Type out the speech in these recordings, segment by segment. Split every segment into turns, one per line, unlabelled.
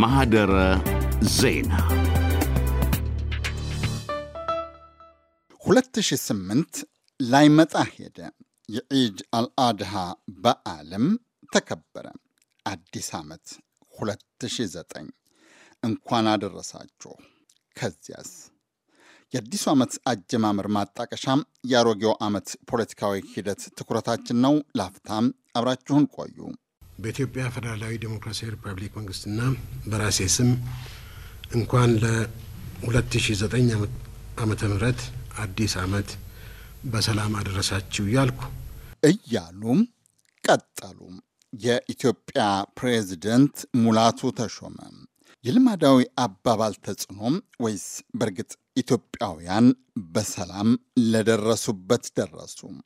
ማህደረ ዜና 2008 ላይመጣ ሄደ። የዒድ አልአድሃ በዓልም ተከበረ። አዲስ ዓመት 2009 እንኳን አደረሳችሁ። ከዚያስ የአዲሱ ዓመት አጀማመር ማጣቀሻም የአሮጌው ዓመት ፖለቲካዊ ሂደት ትኩረታችን ነው። ላፍታም አብራችሁን ቆዩ። በኢትዮጵያ ፌዴራላዊ ዴሞክራሲያዊ ሪፐብሊክ መንግስትና በራሴ ስም እንኳን ለ2009 ዓመተ ምህረት አዲስ ዓመት በሰላም አደረሳችሁ እያልኩ እያሉም ቀጠሉ። የኢትዮጵያ ፕሬዚደንት ሙላቱ ተሾመ የልማዳዊ አባባል ተጽዕኖም ወይስ በእርግጥ ኢትዮጵያውያን በሰላም ለደረሱበት ደረሱም።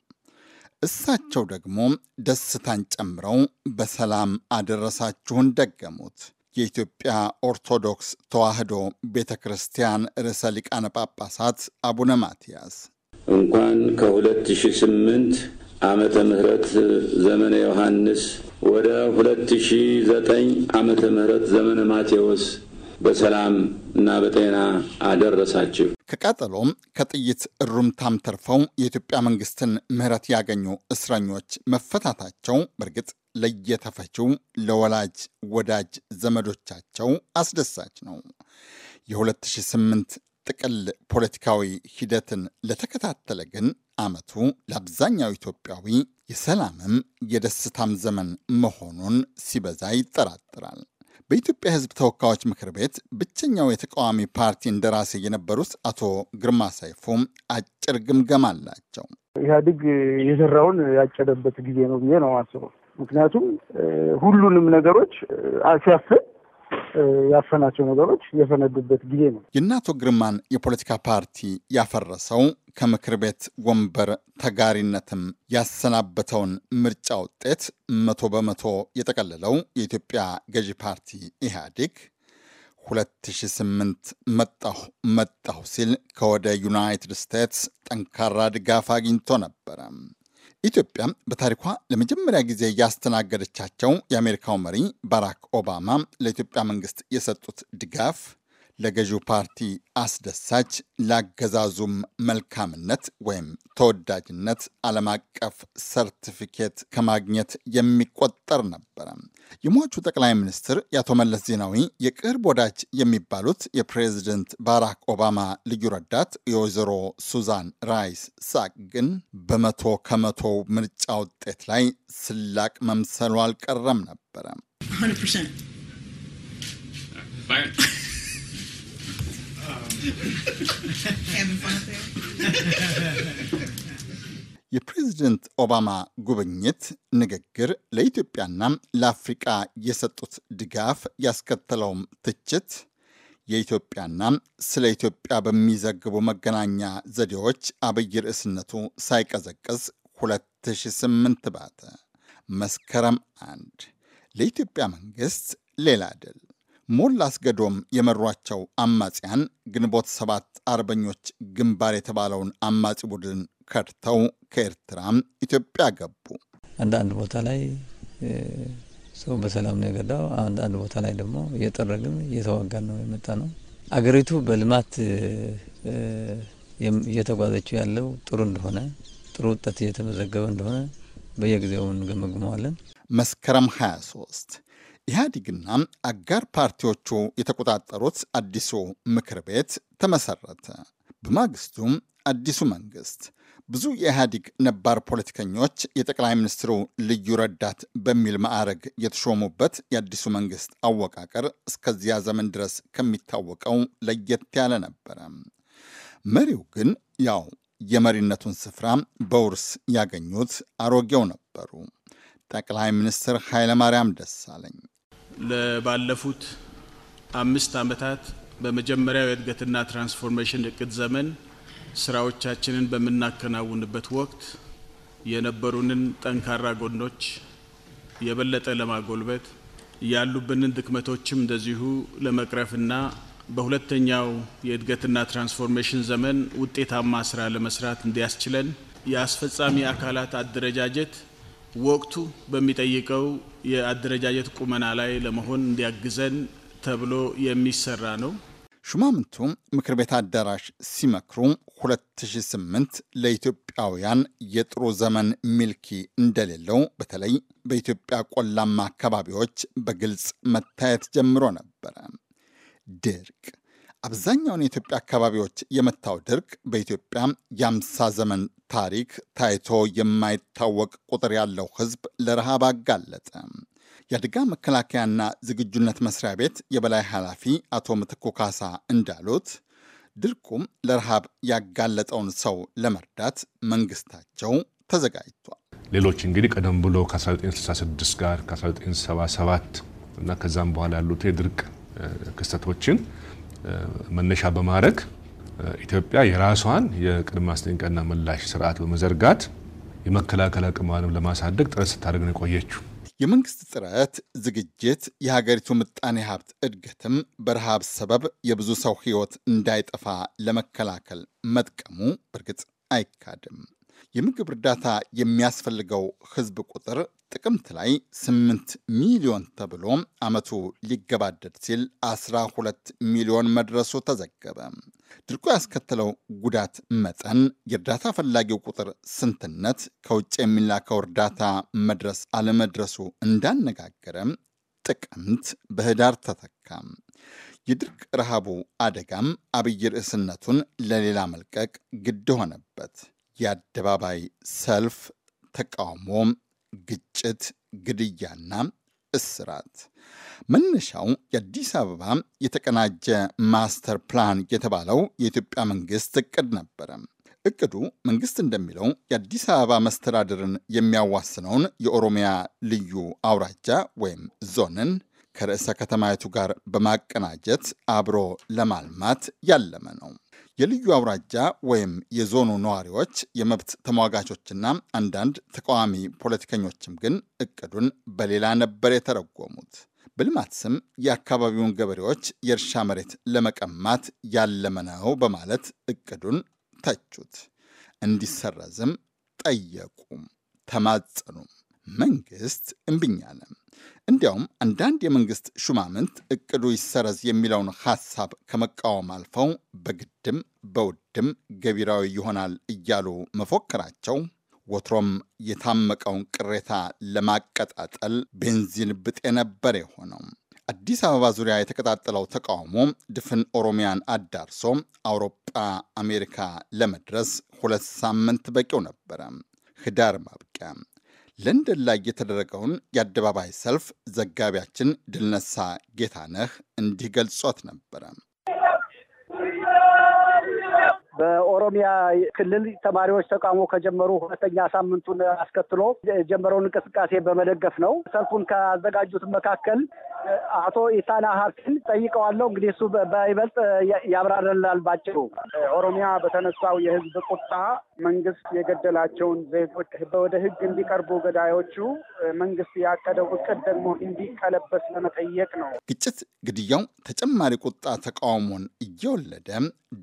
እሳቸው ደግሞ ደስታን ጨምረው በሰላም አደረሳችሁን ደገሙት። የኢትዮጵያ ኦርቶዶክስ ተዋሕዶ ቤተ ክርስቲያን ርዕሰ ሊቃነ ጳጳሳት አቡነ ማትያስ እንኳን ከ2008 ዓመተ ምህረት ዘመነ ዮሐንስ ወደ 2009 ዓመተ ምህረት ዘመነ ማቴዎስ በሰላም እና በጤና አደረሳችሁ። ከቃጠሎም ከጥይት እሩምታም ተርፈው የኢትዮጵያ መንግስትን ምህረት ያገኙ እስረኞች መፈታታቸው በእርግጥ ለየተፈችው ለወላጅ ወዳጅ ዘመዶቻቸው አስደሳች ነው። የ2008 ጥቅል ፖለቲካዊ ሂደትን ለተከታተለ ግን ዓመቱ ለአብዛኛው ኢትዮጵያዊ የሰላምም የደስታም ዘመን መሆኑን ሲበዛ ይጠራጥራል። በኢትዮጵያ ሕዝብ ተወካዮች ምክር ቤት ብቸኛው የተቃዋሚ ፓርቲ እንደራሴ የነበሩት አቶ ግርማ ሰይፉም አጭር ግምገማ አላቸው። ኢህአዴግ የዘራውን ያጨደበት ጊዜ ነው ብዬ ነው አስበው። ምክንያቱም ሁሉንም ነገሮች ሲያስብ ያፈናቸው ነገሮች የፈነዱበት ጊዜ ነው። የእናቶ ግርማን የፖለቲካ ፓርቲ ያፈረሰው ከምክር ቤት ወንበር ተጋሪነትም ያሰናበተውን ምርጫ ውጤት መቶ በመቶ የጠቀለለው የኢትዮጵያ ገዢ ፓርቲ ኢህአዴግ 2008 መጣሁ መጣሁ ሲል ከወደ ዩናይትድ ስቴትስ ጠንካራ ድጋፍ አግኝቶ ነበረ። ኢትዮጵያ በታሪኳ ለመጀመሪያ ጊዜ ያስተናገደቻቸው የአሜሪካው መሪ ባራክ ኦባማ ለኢትዮጵያ መንግስት የሰጡት ድጋፍ ለገዢው ፓርቲ አስደሳች፣ ላገዛዙም መልካምነት ወይም ተወዳጅነት ዓለም አቀፍ ሰርቲፊኬት ከማግኘት የሚቆጠር ነበረ። የሟቹ ጠቅላይ ሚኒስትር የአቶ መለስ ዜናዊ የቅርብ ወዳጅ የሚባሉት የፕሬዝደንት ባራክ ኦባማ ልዩ ረዳት የወይዘሮ ሱዛን ራይስ ሳቅ ግን በመቶ ከመቶ ምርጫ ውጤት ላይ ስላቅ መምሰሉ አልቀረም ነበረ። የፕሬዝደንት ኦባማ ጉብኝት ንግግር ለኢትዮጵያና ለአፍሪቃ የሰጡት ድጋፍ ያስከተለውም ትችት የኢትዮጵያና ስለ ኢትዮጵያ በሚዘግቡ መገናኛ ዘዴዎች አብይ ርዕስነቱ ሳይቀዘቅዝ 2008 ባተ መስከረም አንድ ለኢትዮጵያ መንግሥት ሌላ ድል ሞላ አስገዶም የመሯቸው አማጽያን ግንቦት ሰባት አርበኞች ግንባር የተባለውን አማጺ ቡድን ከድተው ከኤርትራም ኢትዮጵያ ገቡ። አንዳንድ ቦታ ላይ ሰው በሰላም ነው የገዳው። አንዳንድ ቦታ ላይ ደግሞ እየጠረግን እየተዋጋን ነው የመጣ ነው። አገሪቱ በልማት እየተጓዘችው ያለው ጥሩ እንደሆነ ጥሩ ውጤት እየተመዘገበ እንደሆነ በየጊዜው እንገመግመዋለን። መስከረም 23 ኢህአዲግና አጋር ፓርቲዎቹ የተቆጣጠሩት አዲሱ ምክር ቤት ተመሰረተ። በማግስቱም አዲሱ መንግስት ብዙ የኢህአዲግ ነባር ፖለቲከኞች የጠቅላይ ሚኒስትሩ ልዩ ረዳት በሚል ማዕረግ የተሾሙበት የአዲሱ መንግስት አወቃቀር እስከዚያ ዘመን ድረስ ከሚታወቀው ለየት ያለ ነበረ። መሪው ግን ያው የመሪነቱን ስፍራ በውርስ ያገኙት አሮጌው ነበሩ፣ ጠቅላይ ሚኒስትር ኃይለማርያም ደሳለኝ። ባለፉት አምስት አመታት በመጀመሪያው የእድገትና ትራንስፎርሜሽን እቅድ ዘመን ስራዎቻችንን በምናከናውንበት ወቅት የነበሩንን ጠንካራ ጎኖች የበለጠ ለማጎልበት ያሉብንን ድክመቶችም እንደዚሁ ለመቅረፍና በሁለተኛው የእድገትና ትራንስፎርሜሽን ዘመን ውጤታማ ስራ ለመስራት እንዲያስችለን የአስፈጻሚ አካላት አደረጃጀት ወቅቱ በሚጠይቀው የአደረጃጀት ቁመና ላይ ለመሆን እንዲያግዘን ተብሎ የሚሰራ ነው። ሹማምንቱ ምክር ቤት አዳራሽ ሲመክሩ 2008 ለኢትዮጵያውያን የጥሩ ዘመን ሚልኪ እንደሌለው በተለይ በኢትዮጵያ ቆላማ አካባቢዎች በግልጽ መታየት ጀምሮ ነበረ። ድርቅ አብዛኛውን የኢትዮጵያ አካባቢዎች የመታው ድርቅ በኢትዮጵያ የአምሳ ዘመን ታሪክ ታይቶ የማይታወቅ ቁጥር ያለው ሕዝብ ለረሃብ አጋለጠ። የአደጋ መከላከያና ዝግጁነት መስሪያ ቤት የበላይ ኃላፊ አቶ ምትኩ ካሳ እንዳሉት ድርቁም ለረሃብ ያጋለጠውን ሰው ለመርዳት መንግስታቸው ተዘጋጅቷል። ሌሎች እንግዲህ ቀደም ብሎ ከ1966 ጋር ከ1977 እና ከዛም በኋላ ያሉት የድርቅ ክስተቶችን መነሻ በማድረግ ኢትዮጵያ የራሷን የቅድመ ማስጠንቀቂያና ምላሽ ስርዓት በመዘርጋት የመከላከል አቅሟንም ለማሳደግ ጥረት ስታደርግ ነው የቆየችው። የመንግስት ጥረት ዝግጅት የሀገሪቱ ምጣኔ ሀብት እድገትም በረሃብ ሰበብ የብዙ ሰው ህይወት እንዳይጠፋ ለመከላከል መጥቀሙ በእርግጥ አይካድም። የምግብ እርዳታ የሚያስፈልገው ህዝብ ቁጥር ጥቅምት ላይ 8 ሚሊዮን ተብሎ አመቱ ሊገባደድ ሲል 12 ሚሊዮን መድረሱ ተዘገበ። ድርቁ ያስከተለው ጉዳት መጠን፣ የእርዳታ ፈላጊው ቁጥር ስንትነት፣ ከውጭ የሚላከው እርዳታ መድረስ አለመድረሱ እንዳነጋገረ ጥቅምት በህዳር ተተካ። የድርቅ ረሃቡ አደጋም አብይ ርዕስነቱን ለሌላ መልቀቅ ግድ ሆነበት። የአደባባይ ሰልፍ፣ ተቃውሞ፣ ግጭት፣ ግድያና እስራት መነሻው የአዲስ አበባ የተቀናጀ ማስተር ፕላን የተባለው የኢትዮጵያ መንግስት እቅድ ነበረ። እቅዱ መንግስት እንደሚለው የአዲስ አበባ መስተዳድርን የሚያዋስነውን የኦሮሚያ ልዩ አውራጃ ወይም ዞንን ከርዕሰ ከተማይቱ ጋር በማቀናጀት አብሮ ለማልማት ያለመ ነው። የልዩ አውራጃ ወይም የዞኑ ነዋሪዎች፣ የመብት ተሟጋቾችና አንዳንድ ተቃዋሚ ፖለቲከኞችም ግን እቅዱን በሌላ ነበር የተረጎሙት። በልማት ስም የአካባቢውን ገበሬዎች የእርሻ መሬት ለመቀማት ያለመ ነው በማለት እቅዱን ተቹት። እንዲሰረዝም ጠየቁም፣ ተማጸኑም። መንግስት እምቢኝ እንዲያውም አንዳንድ የመንግስት ሹማምንት እቅዱ ይሰረዝ የሚለውን ሐሳብ ከመቃወም አልፈው በግድም በውድም ገቢራዊ ይሆናል እያሉ መፎከራቸው ወትሮም የታመቀውን ቅሬታ ለማቀጣጠል ቤንዚን ብጤ ነበር የሆነው። አዲስ አበባ ዙሪያ የተቀጣጠለው ተቃውሞ ድፍን ኦሮሚያን አዳርሶ አውሮፓ፣ አሜሪካ ለመድረስ ሁለት ሳምንት በቂው ነበረ። ህዳር ማብቂያ ለንደን ላይ የተደረገውን የአደባባይ ሰልፍ ዘጋቢያችን ድልነሳ ጌታነህ እንዲህ ገልጾት ነበረ። በኦሮሚያ ክልል ተማሪዎች ተቃውሞ ከጀመሩ ሁለተኛ ሳምንቱን አስከትሎ የጀመረውን እንቅስቃሴ በመደገፍ ነው። ሰልፉን ካዘጋጁት መካከል አቶ ኢሳና ሀብትን ጠይቀዋለሁ። እንግዲህ እሱ በይበልጥ ያብራራላል። ባጭሩ ኦሮሚያ በተነሳው የህዝብ ቁጣ መንግስት የገደላቸውን ዜጎች ወደ ህግ እንዲቀርቡ ገዳዮቹ መንግስት ያቀደው እቅድ ደግሞ እንዲቀለበስ ለመጠየቅ ነው። ግጭት፣ ግድያው ተጨማሪ ቁጣ ተቃውሞን እየወለደ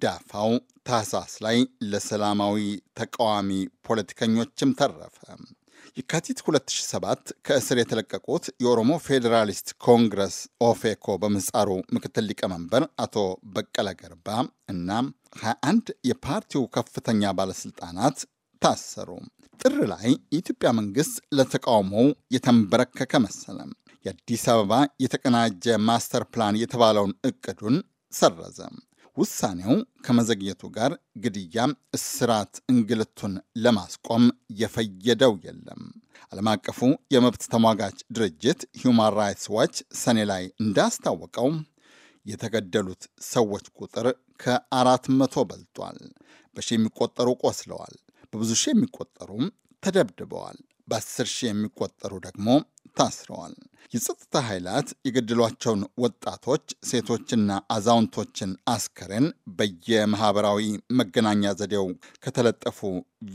ዳፋው ታህሳስ ላይ ለሰላማዊ ተቃዋሚ ፖለቲከኞችም ተረፈ። የካቲት 2007 ከእስር የተለቀቁት የኦሮሞ ፌዴራሊስት ኮንግረስ ኦፌኮ በምህጻሩ ምክትል ሊቀመንበር አቶ በቀለ ገርባ እና 21 የፓርቲው ከፍተኛ ባለስልጣናት ታሰሩ። ጥር ላይ የኢትዮጵያ መንግስት ለተቃውሞው የተንበረከከ መሰለም። የአዲስ አበባ የተቀናጀ ማስተር ፕላን የተባለውን እቅዱን ሰረዘ። ውሳኔው ከመዘግየቱ ጋር ግድያ፣ እስራት፣ እንግልቱን ለማስቆም የፈየደው የለም። ዓለም አቀፉ የመብት ተሟጋች ድርጅት ሁማን ራይትስ ዋች ሰኔ ላይ እንዳስታወቀው የተገደሉት ሰዎች ቁጥር ከአራት መቶ በልጧል። በሺ የሚቆጠሩ ቆስለዋል። በብዙ ሺህ የሚቆጠሩ ተደብድበዋል። በአስር ሺህ የሚቆጠሩ ደግሞ ታስረዋል። የጸጥታ ኃይላት የገደሏቸውን ወጣቶች፣ ሴቶችና አዛውንቶችን አስከሬን በየማህበራዊ መገናኛ ዘዴው ከተለጠፉ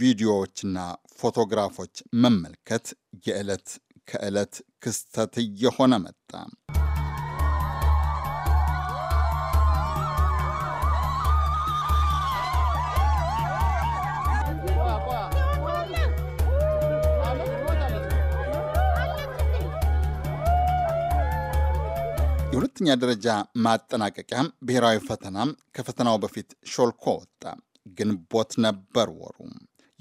ቪዲዮዎችና ፎቶግራፎች መመልከት የዕለት ከዕለት ክስተት እየሆነ መጣ። የሁለተኛ ደረጃ ማጠናቀቂያ ብሔራዊ ፈተናም ከፈተናው በፊት ሾልኮ ወጣ። ግንቦት ነበር ወሩ።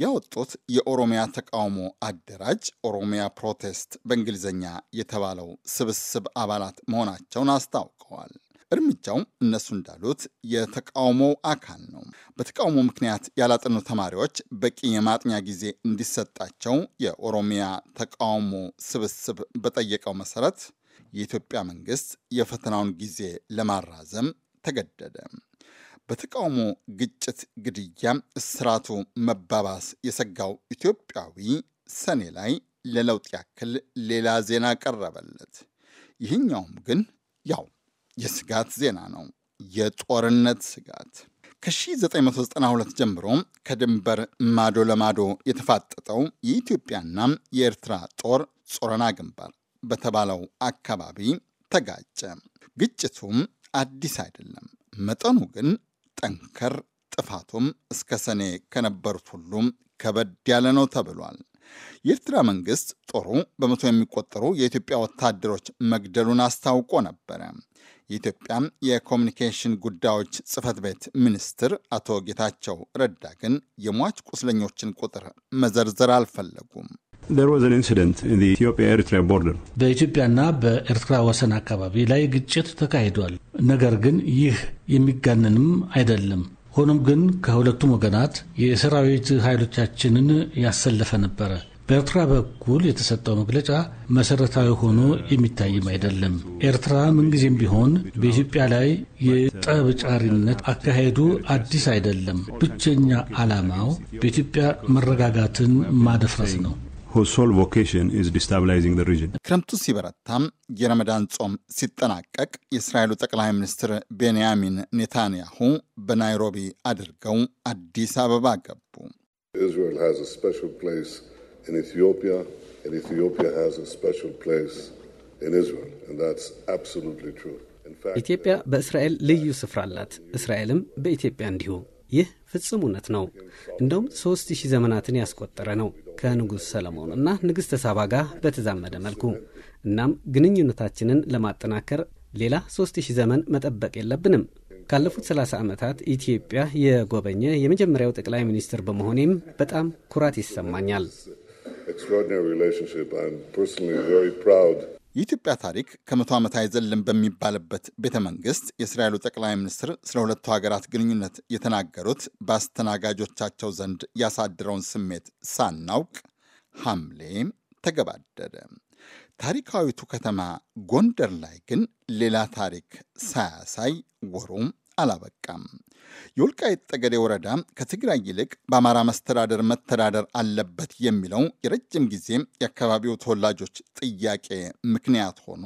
ያወጡት የኦሮሚያ ተቃውሞ አደራጅ ኦሮሚያ ፕሮቴስት በእንግሊዝኛ የተባለው ስብስብ አባላት መሆናቸውን አስታውቀዋል። እርምጃው እነሱ እንዳሉት የተቃውሞው አካል ነው። በተቃውሞ ምክንያት ያላጠኑ ተማሪዎች በቂ የማጥኛ ጊዜ እንዲሰጣቸው የኦሮሚያ ተቃውሞ ስብስብ በጠየቀው መሰረት የኢትዮጵያ መንግስት የፈተናውን ጊዜ ለማራዘም ተገደደ። በተቃውሞ ግጭት፣ ግድያ፣ እስራቱ መባባስ የሰጋው ኢትዮጵያዊ ሰኔ ላይ ለለውጥ ያክል ሌላ ዜና ቀረበለት። ይህኛውም ግን ያው የስጋት ዜና ነው። የጦርነት ስጋት ከ1992 ጀምሮ ከድንበር ማዶ ለማዶ የተፋጠጠው የኢትዮጵያና የኤርትራ ጦር ጾረና ግንባር በተባለው አካባቢ ተጋጨ። ግጭቱም አዲስ አይደለም። መጠኑ ግን ጠንከር፣ ጥፋቱም እስከ ሰኔ ከነበሩት ሁሉም ከበድ ያለ ነው ተብሏል። የኤርትራ መንግስት ጦሩ በመቶ የሚቆጠሩ የኢትዮጵያ ወታደሮች መግደሉን አስታውቆ ነበረ። የኢትዮጵያ የኮሚኒኬሽን ጉዳዮች ጽህፈት ቤት ሚኒስትር አቶ ጌታቸው ረዳ ግን የሟች ቁስለኞችን ቁጥር መዘርዘር አልፈለጉም። በኢትዮጵያና በኤርትራ ወሰን አካባቢ ላይ ግጭት ተካሂዷል። ነገር ግን ይህ የሚጋነንም አይደለም። ሆኖም ግን ከሁለቱም ወገናት የሰራዊት ኃይሎቻችንን ያሰለፈ ነበረ። በኤርትራ በኩል የተሰጠው መግለጫ መሰረታዊ ሆኖ የሚታይም አይደለም። ኤርትራ ምንጊዜም ቢሆን በኢትዮጵያ ላይ የጠብ ጫሪነት አካሄዱ አዲስ አይደለም። ብቸኛ ዓላማው በኢትዮጵያ መረጋጋትን ማደፍረስ ነው። ክረምቱ ሲበረታም የረመዳን ጾም ሲጠናቀቅ የእስራኤሉ ጠቅላይ ሚኒስትር ቤንያሚን ኔታንያሁ በናይሮቢ አድርገው አዲስ አበባ ገቡ። ኢትዮጵያ በእስራኤል ልዩ ስፍራ አላት፣ እስራኤልም በኢትዮጵያ እንዲሁ። ይህ ፍጹም እውነት ነው። እንደውም ሦስት ሺህ ዘመናትን ያስቆጠረ ነው ከንጉሥ ሰለሞን እና ንግሥተ ሳባ ጋር በተዛመደ መልኩ። እናም ግንኙነታችንን ለማጠናከር ሌላ ሶስት ሺህ ዘመን መጠበቅ የለብንም። ካለፉት 30 ዓመታት ኢትዮጵያ የጎበኘ የመጀመሪያው ጠቅላይ ሚኒስትር በመሆኔም በጣም ኩራት ይሰማኛል። የኢትዮጵያ ታሪክ ከመቶ ዓመት አይዘልም በሚባልበት ቤተ መንግስት የእስራኤሉ ጠቅላይ ሚኒስትር ስለ ሁለቱ ሀገራት ግንኙነት የተናገሩት በአስተናጋጆቻቸው ዘንድ ያሳድረውን ስሜት ሳናውቅ ሐምሌ ተገባደደ። ታሪካዊቱ ከተማ ጎንደር ላይ ግን ሌላ ታሪክ ሳያሳይ ወሩም አላበቃም። የወልቃይት ጠገዴ ወረዳ ከትግራይ ይልቅ በአማራ መስተዳደር መተዳደር አለበት የሚለው የረጅም ጊዜ የአካባቢው ተወላጆች ጥያቄ ምክንያት ሆኖ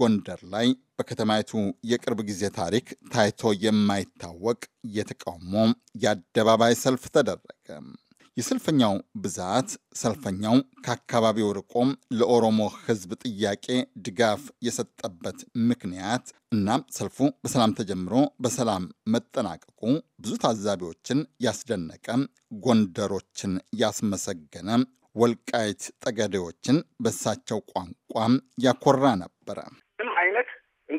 ጎንደር ላይ በከተማይቱ የቅርብ ጊዜ ታሪክ ታይቶ የማይታወቅ የተቃውሞ የአደባባይ ሰልፍ ተደረገ። የሰልፈኛው ብዛት ሰልፈኛው ከአካባቢው ርቆም ለኦሮሞ ሕዝብ ጥያቄ ድጋፍ የሰጠበት ምክንያት እናም ሰልፉ በሰላም ተጀምሮ በሰላም መጠናቀቁ ብዙ ታዛቢዎችን ያስደነቀ፣ ጎንደሮችን ያስመሰገነ፣ ወልቃይት ጠገዴዎችን በሳቸው ቋንቋ ያኮራ ነበረ።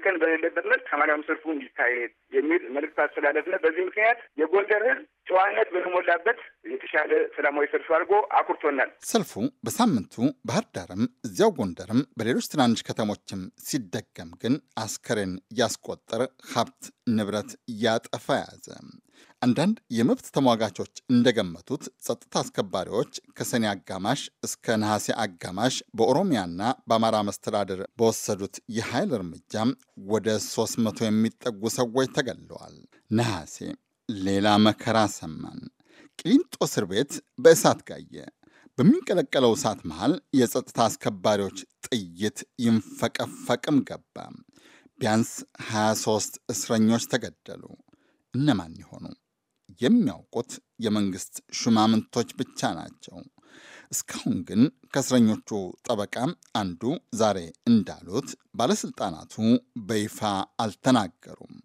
እንከን በሌለበትነት መልክ ሰላማዊ ሰልፉ እንዲካሄድ የሚል መልእክት አስተላለፍን። በዚህ ምክንያት የጎንደር ህዝብ ጨዋነት በተሞላበት የተሻለ ሰላማዊ ሰልፍ አድርጎ አኩርቶናል። ሰልፉ በሳምንቱ ባህር ዳርም እዚያው ጎንደርም በሌሎች ትናንሽ ከተሞችም ሲደገም ግን አስከሬን ያስቆጠር ሀብት ንብረት ያጠፋ ያዘ። አንዳንድ የመብት ተሟጋቾች እንደገመቱት ጸጥታ አስከባሪዎች ከሰኔ አጋማሽ እስከ ነሐሴ አጋማሽ በኦሮሚያና በአማራ መስተዳደር በወሰዱት የኃይል እርምጃ ወደ 300 የሚጠጉ ሰዎች ተገለዋል። ነሐሴ ሌላ መከራ ሰማን። ቅሊንጦ እስር ቤት በእሳት ጋየ። በሚንቀለቀለው እሳት መሃል የጸጥታ አስከባሪዎች ጥይት ይንፈቀፈቅም ገባ። ቢያንስ 23 እስረኞች ተገደሉ። እነማን ይሆኑ? የሚያውቁት የመንግስት ሹማምንቶች ብቻ ናቸው። እስካሁን ግን ከእስረኞቹ ጠበቃ አንዱ ዛሬ እንዳሉት ባለስልጣናቱ በይፋ አልተናገሩም።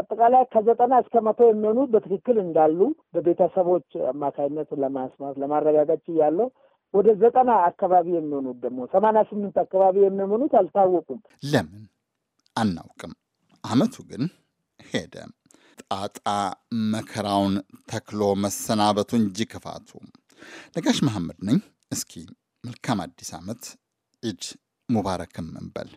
አጠቃላይ ከዘጠና እስከ መቶ የሚሆኑ በትክክል እንዳሉ በቤተሰቦች አማካኝነት ለማስማት ለማረጋገጥ ያለው ወደ ዘጠና አካባቢ የሚሆኑት ደግሞ ሰማንያ ስምንት አካባቢ የሚሆኑት አልታወቁም። ለምን አናውቅም። አመቱ ግን ሄደ። ጣጣ መከራውን ተክሎ መሰናበቱ እንጂ ክፋቱ። ነጋሽ መሐመድ ነኝ። እስኪ መልካም አዲስ ዓመት ኢድ ሙባረክም እንበል።